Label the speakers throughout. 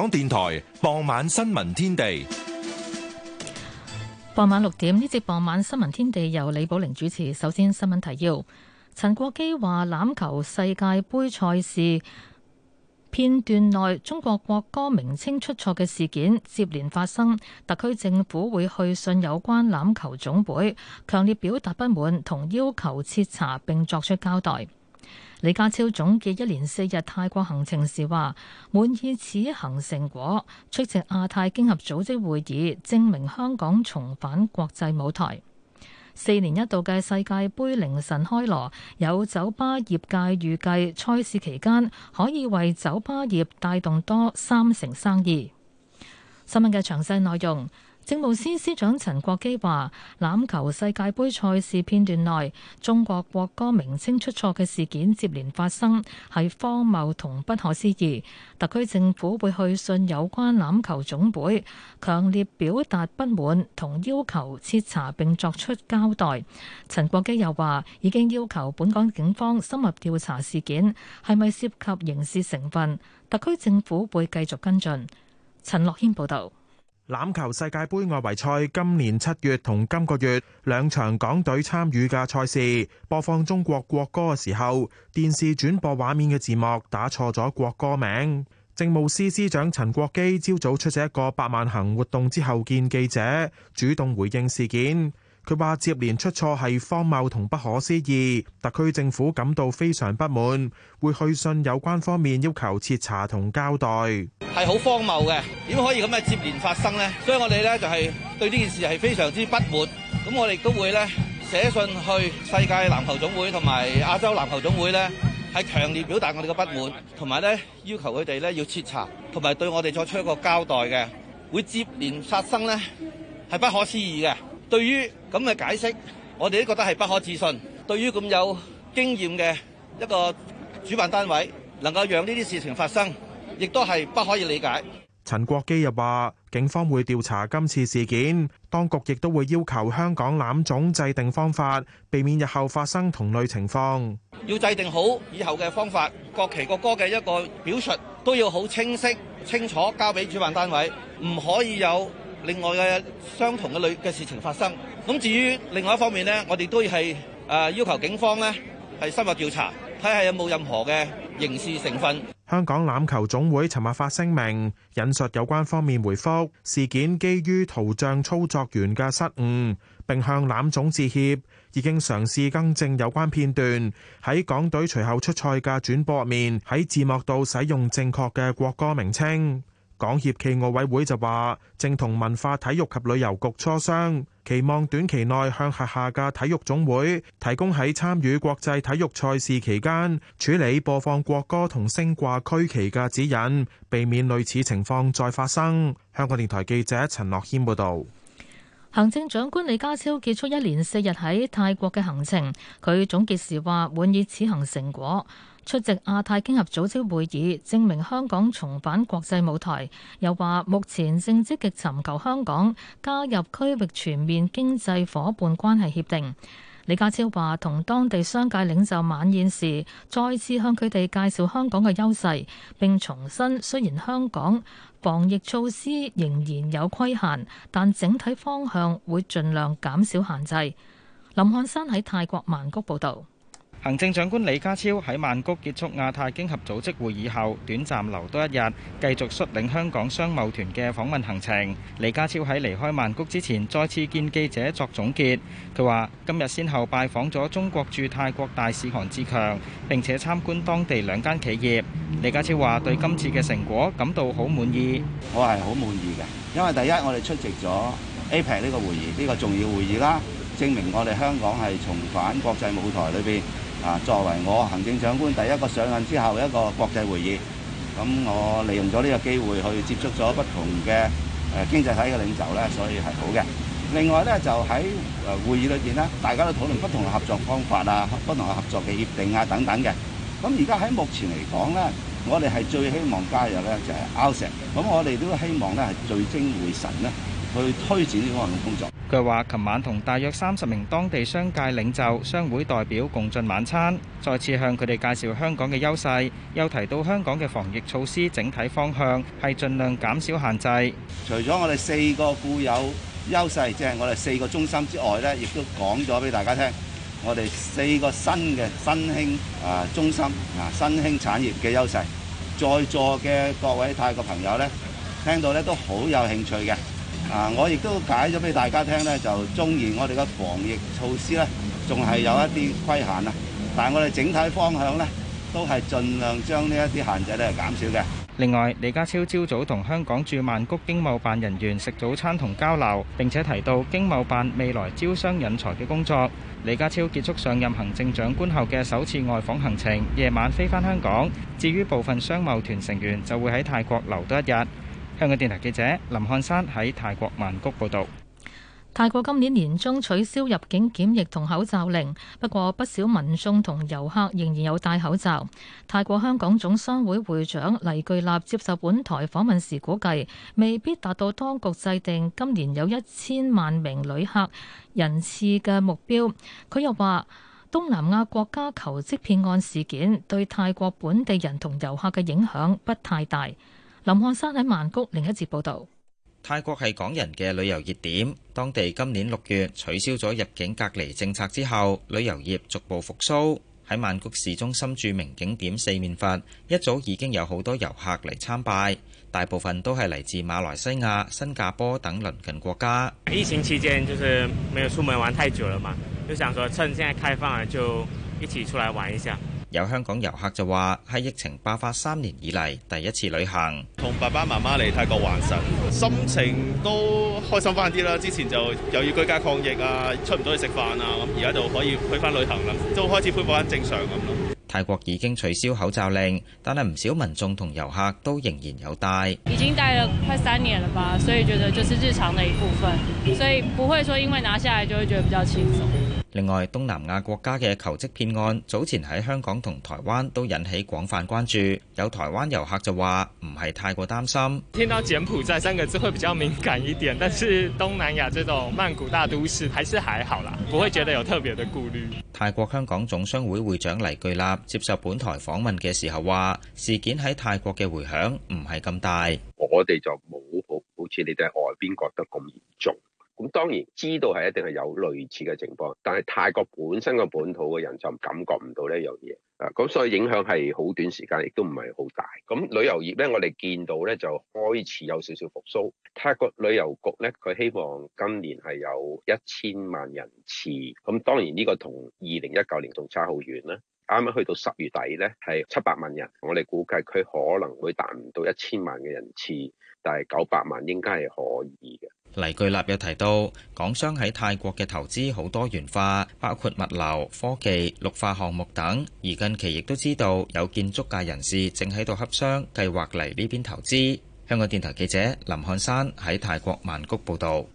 Speaker 1: 香港電台傍晚新聞天地，
Speaker 2: 傍晚六點呢節傍晚新聞天地由李寶玲主持。首先，新聞提要：陳國基話，欖球世界杯賽事片段內中國國歌名稱出錯嘅事件接連發生，特區政府會去信有關欖球總會，強烈表達不滿同要求徹查並作出交代。李家超總結一連四日泰國行程時話：滿意此行成果，出席亞太經合組織會議，證明香港重返國際舞台。四年一度嘅世界杯凌晨開鑼，有酒吧業界預計賽事期間可以為酒吧業帶動多三成生意。新聞嘅詳細內容。政務司司長陳國基話：欖球世界盃賽事片段內中國國歌名稱出錯嘅事件接連發生，係荒謬同不可思議。特區政府會去信有關欖球總會，強烈表達不滿同要求徹查並作出交代。陳國基又話：已經要求本港警方深入調查事件係咪涉及刑事成分，特區政府會繼續跟進。陳樂軒報導。
Speaker 1: 欖球世界盃外圍賽今年七月同今個月兩場港隊參與嘅賽事，播放中國國歌嘅時候，電視轉播畫面嘅字幕打錯咗國歌名。政務司司長陳國基朝早出席一個百萬行活動之後見記者，主動回應事件。佢話接連出錯係荒謬同不可思議，特區政府感到非常不滿，會去信有關方面要求徹查同交代，
Speaker 3: 係好荒謬嘅，點可以咁啊接連發生呢？所以我哋咧就係、是、對呢件事係非常之不滿，咁我哋亦都會咧寫信去世界籃球總會同埋亞洲籃球總會咧，係強烈表達我哋嘅不滿，同埋咧要求佢哋咧要徹查同埋對我哋作出一個交代嘅，會接連發生咧係不可思議嘅。對於咁嘅解釋，我哋都覺得係不可置信。對於咁有經驗嘅一個主辦單位，能夠讓呢啲事情發生，亦都係不可以理解。
Speaker 1: 陳國基又話，警方會調查今次事件，當局亦都會要求香港欖總制定方法，避免日後發生同類情況。
Speaker 3: 要制定好以後嘅方法，國旗國歌嘅一個表述都要好清晰清楚，交俾主辦單位，唔可以有.另外嘅相同嘅類嘅事情發生。咁至於另外一方面咧，我哋都係誒要求警方咧，係深入調查，睇下有冇任何嘅刑事成分。
Speaker 1: 香港欖球總會尋日發聲明，引述有關方面回覆事件基於圖像操作員嘅失誤，並向欖總致歉，已經嘗試更正有關片段，喺港隊隨後出賽嘅轉播面喺字幕度使用正確嘅國歌名稱。港協暨奧委會就話，正同文化體育及旅遊局磋商，期望短期內向轄下嘅體育總會提供喺參與國際體育賽事期間處理播放國歌同升掛區旗嘅指引，避免類似情況再發生。香港電台記者陳樂軒報導。
Speaker 2: 行政長官李家超結束一連四日喺泰國嘅行程，佢總結時話，滿意此行成果。出席亞太經合組織會議，證明香港重返國際舞台。又話目前正積極尋求香港加入區域全面經濟夥伴關係協定。李家超話：同當地商界領袖晚宴時，再次向佢哋介紹香港嘅優勢，並重申雖然香港防疫措施仍然有規限，但整體方向會盡量減少限制。林漢山喺泰國曼谷報道。
Speaker 4: 行政長官李家超喺曼谷結束亞太經合組織會議後，短暫留多一日，繼續率領香港商貿團嘅訪問行程。李家超喺離開曼谷之前，再次見記者作總結。佢話：今日先後拜訪咗中國駐泰國大使韓志強，並且參觀當地兩間企業。李家超話：對今次嘅成果感到好滿意。我係好滿意嘅，
Speaker 3: 因為第一我哋出席咗 APEC 呢個會議，呢個重要會議啦，證明我哋香港係重返國際舞台裏邊。啊，作為我行政長官第一個上任之後一個國際會議，咁我利用咗呢個機會去接觸咗不同嘅誒、呃、經濟體嘅領袖咧，所以係好嘅。另外呢，就喺誒會議裏面咧，大家都討論不同嘅合作方法啊，不同嘅合作嘅協定啊等等嘅。咁而家喺目前嚟講呢，我哋係最希望加入呢就係去推展呢方面嘅工作。
Speaker 4: 佢話，琴晚同大約三十名當地商界領袖、商會代表共進晚餐，再次向佢哋介紹香港嘅優勢，又提到香港嘅防疫措施整體方向係盡量減少限制。除咗我哋四個
Speaker 3: 固有優勢，即係我哋四個中心之外咧，亦都講咗俾大家聽，我哋四個新嘅新興啊中心啊新興產業嘅優勢，在座嘅各位泰國朋友咧，聽到咧都好有興趣嘅。啊！我亦都解咗俾大家聽咧，就中意我哋嘅防疫措施咧，仲係有一啲規限啊。但係我哋整體方向咧，都係盡量將呢一啲限
Speaker 4: 制咧減少嘅。另外，李家超朝早同香港駐曼谷經貿辦人員食早餐同交流，並且提到經貿辦未來招商引才嘅工作。李家超結束上任行政長官後嘅首次外訪行程，夜晚飛返香港。至於部分商貿團成員就會喺泰國留多一日。香港電台記者林漢山喺泰國曼谷報道。
Speaker 2: 泰國今年年中取消入境檢疫同口罩令，不過不少民眾同遊客仍然有戴口罩。泰國香港總商會會長黎巨立接受本台訪問時估計，未必達到當局制定今年有一千萬名旅客人次嘅目標。佢又話，東南亞國家求職騙案事件對泰國本地人同遊客嘅影響不太大。林漢山喺曼谷另一節報道。
Speaker 4: 泰國係港人嘅旅遊熱點，當地今年六月取消咗入境隔離政策之後，旅遊業逐步復蘇。喺曼谷市中心著名景點四面佛，一早已經有好多遊客嚟參拜，大部分都係嚟自馬來西亞、新加坡等鄰近國家。疫情期間就是沒有出門玩太久了嘛，
Speaker 5: 就想說趁現在
Speaker 4: 開放啦，就一起出來玩一下。有香港遊客就話：係疫情爆發三年以嚟第一次旅行，同爸爸媽媽嚟泰國還神，心情都
Speaker 3: 開心返啲啦。之前就又要居家抗疫啊，出唔到去食飯啊，咁而家就可以去返旅行啦，都開始恢復返正常咁咯。
Speaker 4: 泰國已經取消口罩令，但係唔少民眾同遊客都仍然有戴。
Speaker 6: 已經戴了快三年了吧，所以覺得就是日常的一部分，所以不會說因為拿下來就會覺得比較輕鬆。
Speaker 4: 另外，東南亞國家嘅求職騙案早前喺香港同台灣都引起廣泛關注，有台灣遊客就話唔係太過擔心。
Speaker 7: 聽到柬埔寨三個字會比較敏感一點，但是東南亞這種曼谷大都市，還是還好啦，不會覺得有特別的顧慮。
Speaker 4: 泰國香港總商會會長黎巨立接受本台訪問嘅時候話：事件喺泰國嘅迴響唔係咁大，
Speaker 8: 我哋就冇好好似你哋外邊覺得咁嚴重。咁當然知道係一定係有類似嘅情況，但係泰國本身個本土嘅人就感覺唔到呢樣嘢啊！咁所以影響係好短時間，亦都唔係好大。咁、啊、旅遊業咧，我哋見到咧就開始有少少復甦。泰國旅遊局咧，佢希望今年係有一千萬人次。咁、啊、當然呢個同二零一九年仲差好遠啦。啱啱去到十月底咧，係七百萬人。我哋估計佢可能會達唔到一千萬嘅人次，但係九百萬應該係可以嘅。
Speaker 4: 黎巨立又提到，港商喺泰國嘅投資好多元化，包括物流、科技、綠化項目等。而近期亦都知道有建築界人士正喺度洽商，計劃嚟呢邊投資。香港電台記者林漢山喺泰國曼谷報道。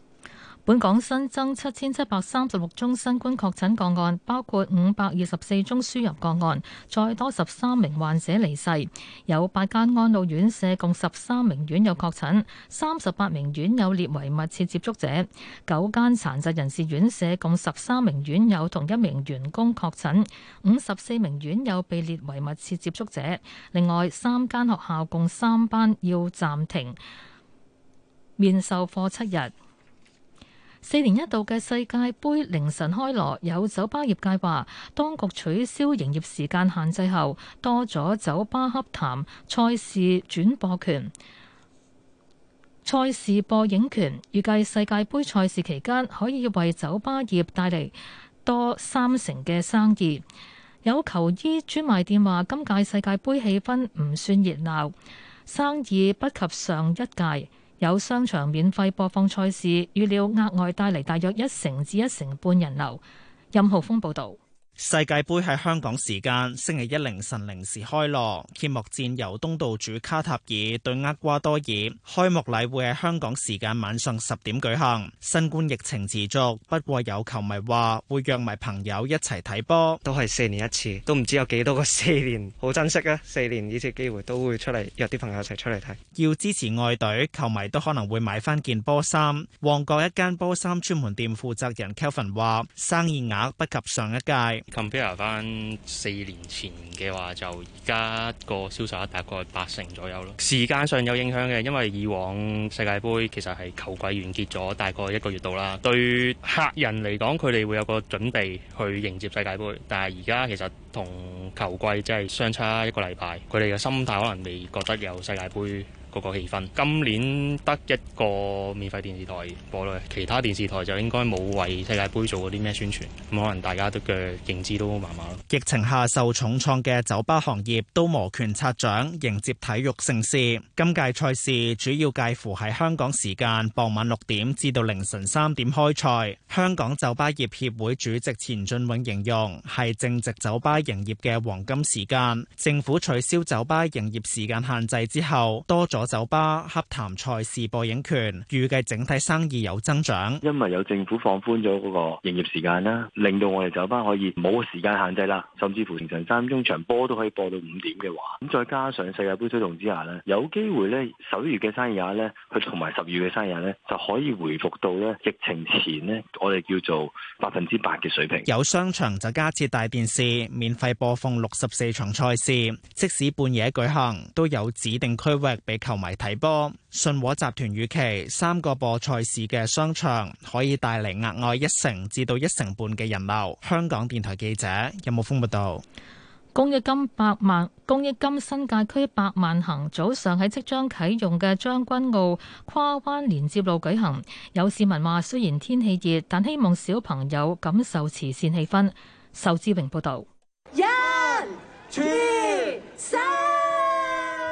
Speaker 2: 本港新增七千七百三十六宗新冠確診個案，包括五百二十四宗輸入個案，再多十三名患者離世。有八間安老院舍共十三名院友確診，三十八名院友列為密切接觸者。九間殘疾人士院舍共十三名院友同一名員工確診，五十四名院友被列為密切接觸者。另外三間學校共三班要暫停面授課七日。四年一度嘅世界盃凌晨開鑼，有酒吧業界話，當局取消營業時間限制後，多咗酒吧洽談賽事轉播權、賽事播映權，預計世界盃賽事期間可以為酒吧業帶嚟多三成嘅生意。有球衣專賣店話，今屆世界盃氣氛唔算熱鬧，生意不及上一屆。有商場免費播放賽事，預料額外帶嚟大約一成至一成半人流。任浩峰報導。
Speaker 9: 世界盃喺香港時間星期一凌晨零時開鑼，揭幕戰由東道主卡塔爾對厄瓜多爾。開幕禮會喺香港時間晚上十點舉行。新冠疫情持續，不過有球迷話會約埋朋友一齊
Speaker 4: 睇波。都係四年一次，都唔知有幾多個四年，好珍惜啊！四年呢次機會都會出嚟約啲朋友一齊出嚟睇。
Speaker 9: 要支持外隊，球迷都可能會買翻件波衫。旺角一間波衫專門店負責人 Kelvin 話，生意額不及上一屆。
Speaker 4: compare 翻四年前嘅話，就而家個銷售額大概八成左右咯。時間上有影響嘅，因為以往世界杯其實係球季完結咗大概一個月到啦。對客人嚟講，佢哋會有個準備去迎接世界杯。但係而家其實同球季即係相差一個禮拜，佢哋嘅心態可能未覺得有世界杯。個個氣氛，今年得一個免費電視台播咯，其他電視台就應該冇為世界盃做過啲咩宣傳，咁可能大家都嘅
Speaker 9: 認知都好麻麻。疫情下受重創嘅酒吧行業都磨拳擦掌，迎接體育盛事。今屆賽事主要介乎喺香港時間傍晚六點至到凌晨三點開賽。香港酒吧業協會主席錢俊永形容係正值酒吧營業嘅黃金時間。政府取消酒吧營業時間限制之後，多咗酒吧洽談賽事播映權，預計整體生
Speaker 8: 意有增長，因為有政府放寬咗嗰個營業時間啦，令到我哋酒吧可以冇時間限制啦，甚至乎凌晨三點鐘場波都可以播到五點嘅話，咁再加上世界盃推動之下咧，有機會咧，首呢十一月嘅生意額咧，佢同埋十二月嘅生日咧，就可以回復到咧疫情前咧，我哋叫做百分之百嘅水平。有
Speaker 9: 商場就加設大電視，免費播放六十四場賽事，即使半夜舉行，都有指定區域被扣。同埋睇波，信和集團預期三個播賽事嘅商場可以帶嚟額外一成至到一成半嘅人流。香港電台記者任武峰報道。
Speaker 2: 公益金百萬，公益金新界區百萬行早上喺即將啟用嘅將軍澳跨灣連接路舉行，有市民話：雖然天氣熱，但希望小朋友感受慈善氣氛。仇志榮報道。1, 2,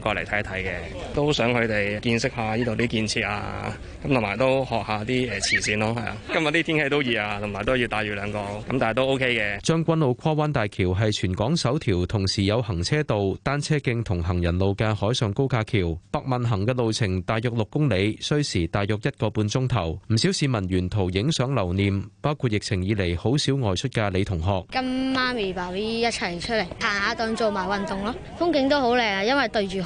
Speaker 4: 過嚟睇一睇嘅，都想佢哋見識下呢度啲建設啊，咁同埋都學下啲誒慈善咯，係啊。今日啲天氣都熱啊，同埋都要帶住兩個，咁但係都 OK 嘅。將軍
Speaker 8: 澳跨灣大橋係全港首條同時有行車道、單車徑同行人路嘅海上高架橋，百萬行嘅路程大約六公里，需時大約一個半鐘頭。唔少市民沿途影相留念，包括疫情以嚟好少外出嘅李同學，
Speaker 10: 跟
Speaker 2: 媽咪、爸爸一齊出嚟行下當做埋運動咯，風景都好靚啊，因為對住。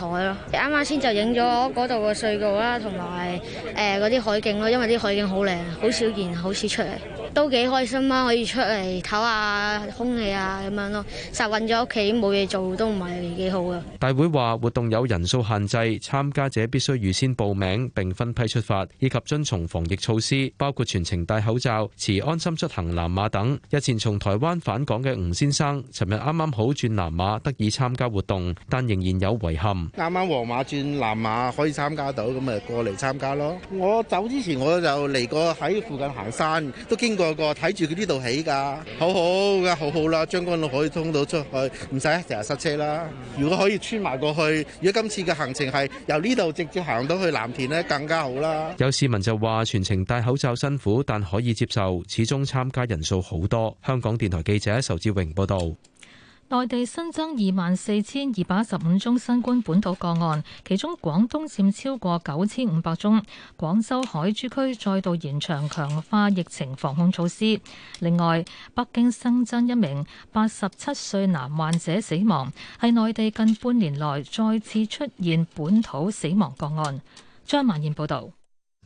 Speaker 2: 啱啱先就影咗嗰度嘅隧道啦，同埋誒嗰啲海景咯，因為啲海景好靚，好少見，好少出嚟。都幾開心啊，可以出嚟唞下空氣啊咁樣咯，實困咗屋企冇嘢做都唔係幾好啊。
Speaker 8: 大會話活動有人數限制，參加者必須預先報名並分批出發，以及遵從防疫措施，包括全程戴口罩、持安心出行藍碼等。日前從台灣返港嘅吳先生，尋日啱啱好轉藍碼得以參加活動，但仍然有遺憾。
Speaker 3: 啱啱黃碼轉藍碼可以參加到，咁咪過嚟參加咯。我走之前我就嚟過，喺附近行山，都經過。個個睇住佢呢度起噶，好好噶，好好啦，將軍澳可以通到出去，唔使成日塞車啦。如果可以穿埋過去，如果今次嘅行程係由呢度直接行到去藍田咧，更加好啦。
Speaker 8: 有市民就話全程戴口罩辛苦，但可以接受，始終參加人數好多。香港電台記者仇志榮報道。
Speaker 2: 內地新增二萬四千二百一十五宗新冠本土個案，其中廣東佔超過九千五百宗。廣州海珠區再度延長強化疫情防控措施。另外，北京新增一名八十七歲男患者死亡，係內地近半年來再次出現本土死亡個案。張曼燕報導。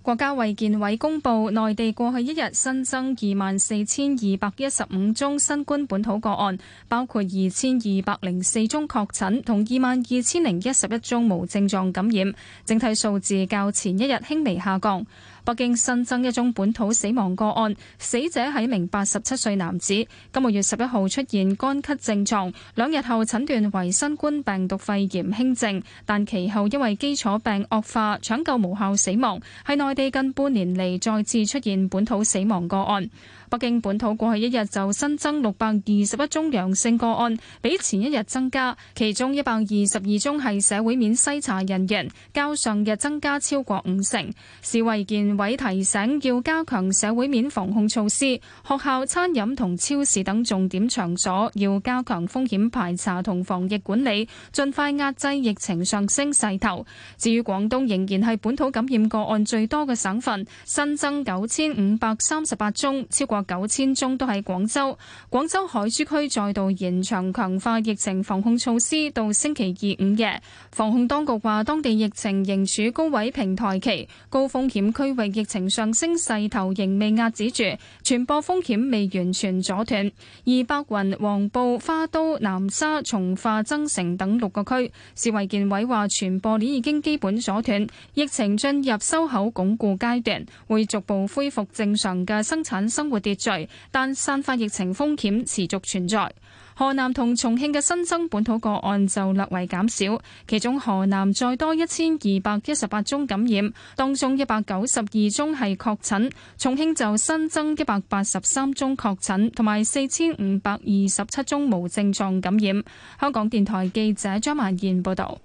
Speaker 10: 國家衛健委公布，內地過去一日新增二萬四千二百一十五宗新冠本土個案，包括二千二百零四宗確診，同二萬二千零一十一宗無症狀感染，整體數字較前一日輕微下降。北京新增一宗本土死亡個案，死者係一名八十七歲男子，今個月十一號出現乾咳症狀，兩日後診斷為新冠病毒肺炎輕症，但其後因為基礎病惡化，搶救無效死亡，係內地近半年嚟再次出現本土死亡個案。北京本土過去一日就新增六百二十一宗陽性個案，比前一日增加，其中一百二十二宗係社會面篩查人員，較上日增加超過五成。市衛健委提醒要加強社會面防控措施，學校、餐飲同超市等重點場所要加強風險排查同防疫管理，盡快壓制疫情上升勢頭。至於廣東仍然係本土感染個案最多嘅省份，新增九千五百三十八宗，超過。九千宗都喺廣州，廣州海珠區再度延長強化疫情防控措施到星期二午夜。防控當局話，當地疫情仍處高位平台期，高風險區域疫情上升勢頭仍未遏止住，傳播風險未完全阻斷。而白雲、黃埔、花都、南沙、從化、增城等六個區，市衛健委話傳播鏈已經基本阻斷，疫情進入收口鞏固階段，會逐步恢復正常嘅生產生活。跌序，但散發疫情風險持續存在。河南同重慶嘅新增本土個案就略為減少，其中河南再多一千二百一十八宗感染，當中一百九十二宗係確診；重慶就新增一百八十三宗確診，同埋四千五百二十七宗無症狀感染。香港電台記者張曼燕報道。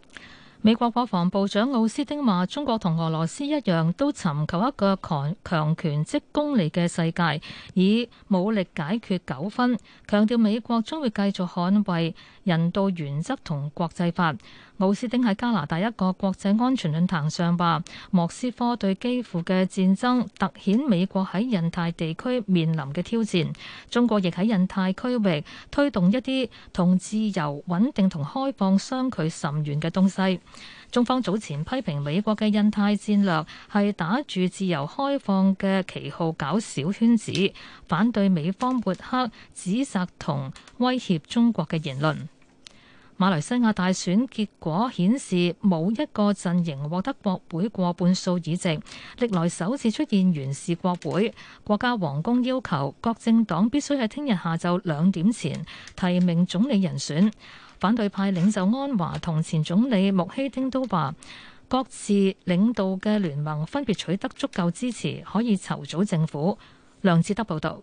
Speaker 10: 美
Speaker 2: 國國防部長奧斯汀話：中國同俄羅斯一樣，都尋求一個強強權即公理嘅世界，以武力解決糾紛。強調美國將會繼續捍衛人道原則同國際法。奧斯汀喺加拿大一個國際安全論壇上話：莫斯科對基輔嘅戰爭凸顯美國喺印太地區面臨嘅挑戰。中國亦喺印太區域推動一啲同自由、穩定同開放相距甚遠嘅東西。中方早前批評美國嘅印太戰略係打住自由開放嘅旗號搞小圈子，反對美方抹黑、指責同威脅中國嘅言論。馬來西亞大選結果顯示，冇一個陣營獲得國會過半數議席，歷來首次出現懸峙國會。國家皇宮要求各政黨必須喺聽日下晝兩點前提名總理人選。反對派領袖安華同前總理穆希丁都話，各自領導嘅聯盟分別取得足夠支持，可以籌組政府。梁志德報道。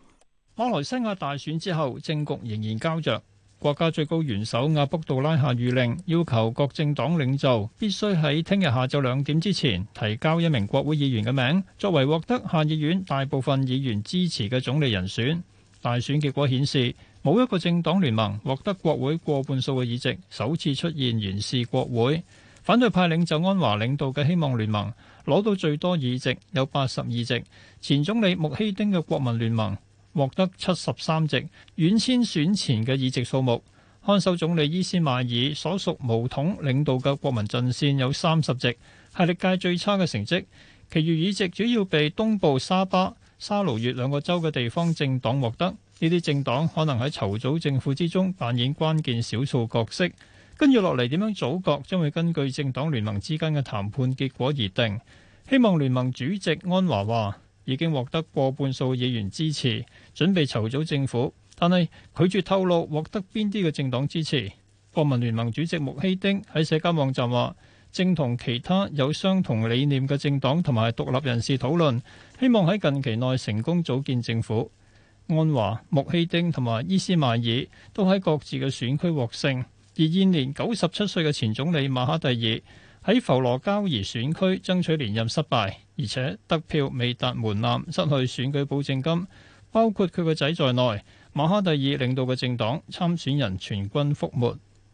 Speaker 7: 馬來西亞大選之後，政局仍然膠着。國家最高元首阿卜杜拉下諭令，要求各政黨領袖必須喺聽日下晝兩點之前提交一名國會議員嘅名，作為獲得下議院大部分議員支持嘅總理人選。大選結果顯示，冇一個政黨聯盟獲得國會過半數嘅議席，首次出現懸峙國會。反對派領袖安華領導嘅希望聯盟攞到最多議席，有八十二席。前總理穆希丁嘅國民聯盟獲得七十三席，遠超選前嘅議席數目。看守總理伊斯邁爾所屬巫統領導嘅國民陣線有三十席，係歷屆最差嘅成績。其餘議席主要被東部沙巴、沙勞越兩個州嘅地方政黨獲得。呢啲政黨可能喺籌組政府之中扮演關鍵少數角色。跟住落嚟點樣組閣，將會根據政黨聯盟之間嘅談判結果而定。希望聯盟主席安華話。已經獲得過半數議員支持，準備籌組政府，但係拒絕透露獲得邊啲嘅政黨支持。國民聯盟主席穆希丁喺社交網站話：正同其他有相同理念嘅政黨同埋獨立人士討論，希望喺近期內成功組建政府。安華、穆希丁同埋伊斯曼爾都喺各自嘅選區獲勝，而現年九十七歲嘅前總理馬哈蒂爾，喺浮羅交怡選區爭取連任失敗，而且得票未達門檻，失去選舉保證金，包括佢個仔在內。馬哈蒂爾領導嘅政黨參選人全軍覆沒。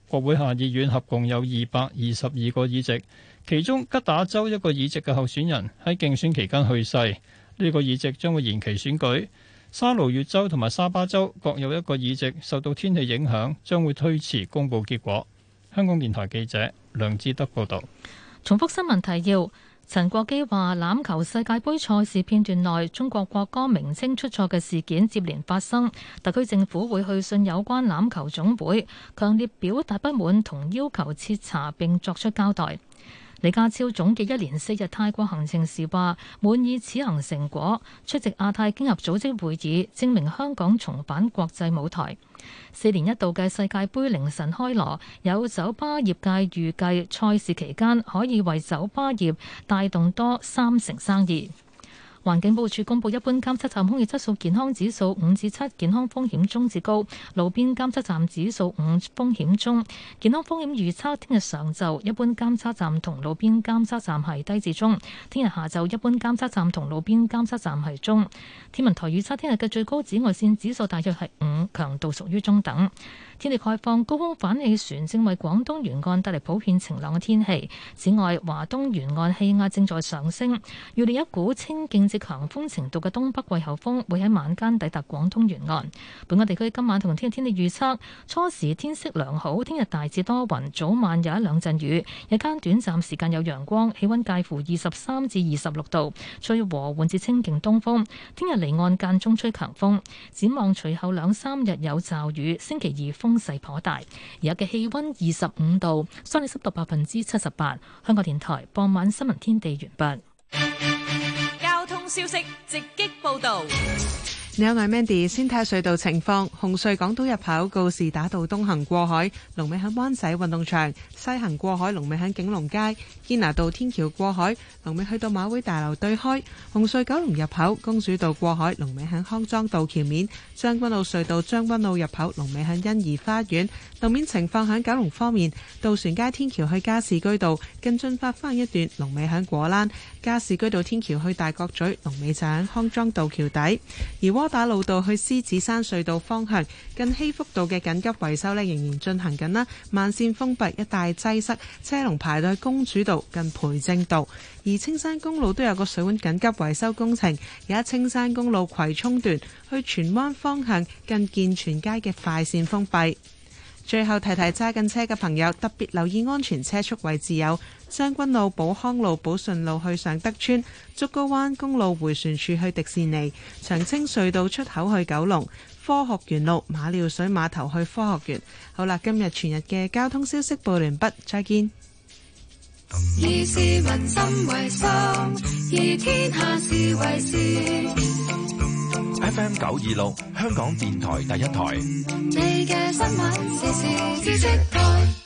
Speaker 7: 國會下議院合共有二百二十二個議席，其中吉打州一個議席嘅候選人喺競選期間去世，呢、這個議席將會延期選舉。沙勞越州同埋沙巴州各有一個議席，受到天氣影響，將會推遲公布結果。香港電台記者梁志德報道。
Speaker 2: 重複新聞提要：陳國基話，欖球世界杯賽事片段內中國國歌名稱出錯嘅事件接連發生，特區政府會去信有關欖球總會，強烈表達不滿同要求徹查並作出交代。李家超總結一連四日泰國行程時話：滿意此行成果，出席亞太經合組織會議，證明香港重返國際舞台。四年一度嘅世界杯凌晨開鑼，有酒吧業界預計賽事期間可以為酒吧業帶動多三成生意。環境署公布一般監測站空氣質素健康指數五至七，7，健康風險中至高；路邊監測站指數五，風險中。健康風險預測：聽日上晝一般監測站同路邊監測站係低至中；聽日下晝一般監測站同路邊監測站係中。天文台預測聽日嘅最高紫外線指數大約係五，強度屬於中等。天氣開放，高空反氣旋正為廣東沿岸帶嚟普遍晴朗嘅天氣。此外，華東沿岸氣壓正在上升，預料一股清勁至強風程度嘅東北季候風會喺晚間抵達廣東沿岸。本港地區今晚同聽日天氣預測：初時天色良好，聽日大致多雲，早晚有一兩陣雨，日間短暫時間有陽光，氣温介乎二十三至二十六度，吹和緩至清勁東風。聽日離岸間中吹強風，展望隨後兩三日有驟雨。星期二，風勢頗大，而家嘅氣溫二十五度，相對濕度百分之七十八。香港電台傍晚新聞天地完畢。
Speaker 6: 交通消息直擊報道。
Speaker 5: 你好，我係 Mandy，先睇下隧道情況。紅隧港島入口告士打道東行過海，龍尾喺灣仔運動場；西行過海，龍尾喺景隆街。堅拿道天橋過海，龍尾去到馬會大樓對開。紅隧九龍入口公主道過海，龍尾喺康莊道橋面。將軍路隧道將軍路入口，龍尾喺欣怡花園。路面情況喺九龍方面，渡船街天橋去加士居道近進發返一段，龍尾喺果欄。加士居道天橋去大角咀，龍尾就喺康莊道橋底。而窩。窩打老道去獅子山隧道方向，近喜福道嘅緊急維修呢，仍然進行緊啦，慢綫封閉一帶擠塞，車龍排到去公主道近培正道。而青山公路都有個水管緊急維修工程，而青山公路葵涌段去荃灣方向，近建全街嘅快綫封閉。最後提提揸緊車嘅朋友，特別留意安全車速位置有。將軍路、寶康路、寶順路去上德村；竹篙灣公路回旋處去迪士尼；長青隧道出口去九龍；科學園路馬料水碼頭去科學園。好啦，今日全日嘅交通消息報完畢，再見。
Speaker 2: F M 九二
Speaker 3: 六，以天下事為事 26，香港電台第一台。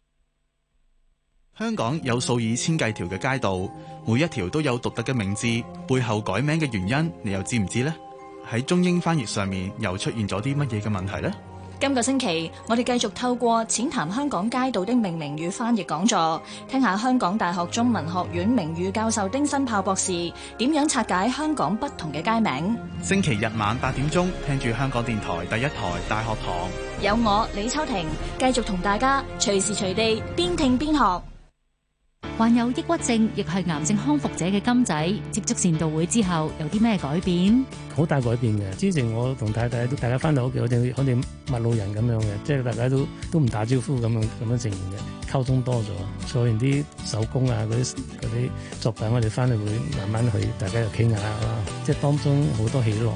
Speaker 1: 香港有數以千計條嘅街道，每一條都有獨特嘅名字。背後改名嘅原因，你又知唔知呢？喺中英翻譯上面又出現咗啲乜嘢嘅問題呢？
Speaker 2: 今
Speaker 6: 個星期我哋繼續透過淺談香港街道的命名與翻譯講座，聽下香港大學中文學院名譽教授丁新豹博士點樣拆解香港不同嘅街名。
Speaker 9: 星期日晚八點鐘，聽住香港電台第一台大學堂，
Speaker 6: 有我李秋婷繼續同大家隨時隨地邊聽邊學。患有抑鬱症亦係癌症康復者嘅金仔，接觸善導會之後，有啲咩改變？
Speaker 7: 好大改變嘅。之前我同太太都大家翻到屋企好似好似陌路人咁樣嘅，即係大家都大家都唔打招呼咁樣咁樣情形嘅。溝通多咗，做完啲手工啊嗰啲嗰啲作品，我哋翻嚟會慢慢去大家又傾下啦。即係當中好多喜樂咯。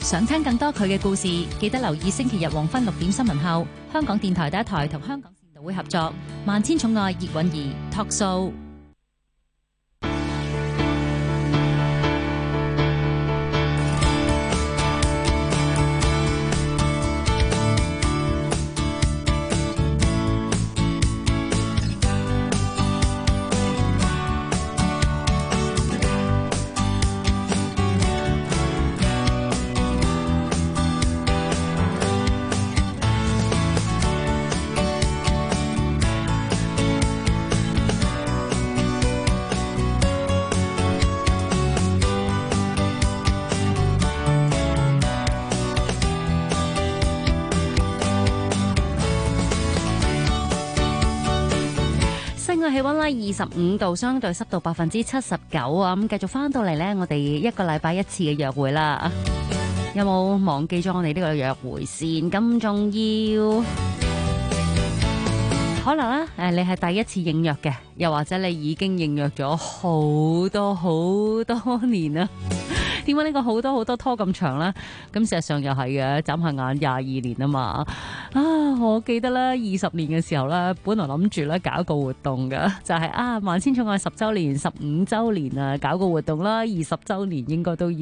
Speaker 6: 想聽更多佢嘅故事，記得留意星期日黃昏六點新聞後，香港電台第一台同香港會合作，萬千寵愛葉蘊儀 talk show。氣溫咧，二十五度，相對濕度百分之七十九啊！咁繼、嗯、續翻到嚟咧，我哋一個禮拜一次嘅約會啦，有冇忘記咗我哋呢個約會先？咁重要，可能咧，誒， 你係第一次應約嘅，又或者你已經應約咗好多好多年啦。點解呢個好多好多拖咁長咧？咁事實上又係嘅，眨下眼廿二年啊嘛！啊，我記得咧，二十年嘅時候咧，本來諗住咧搞個活動嘅，就係啊萬千寵愛十周年、十五周年啊，搞個活動啦，二十周年應該都。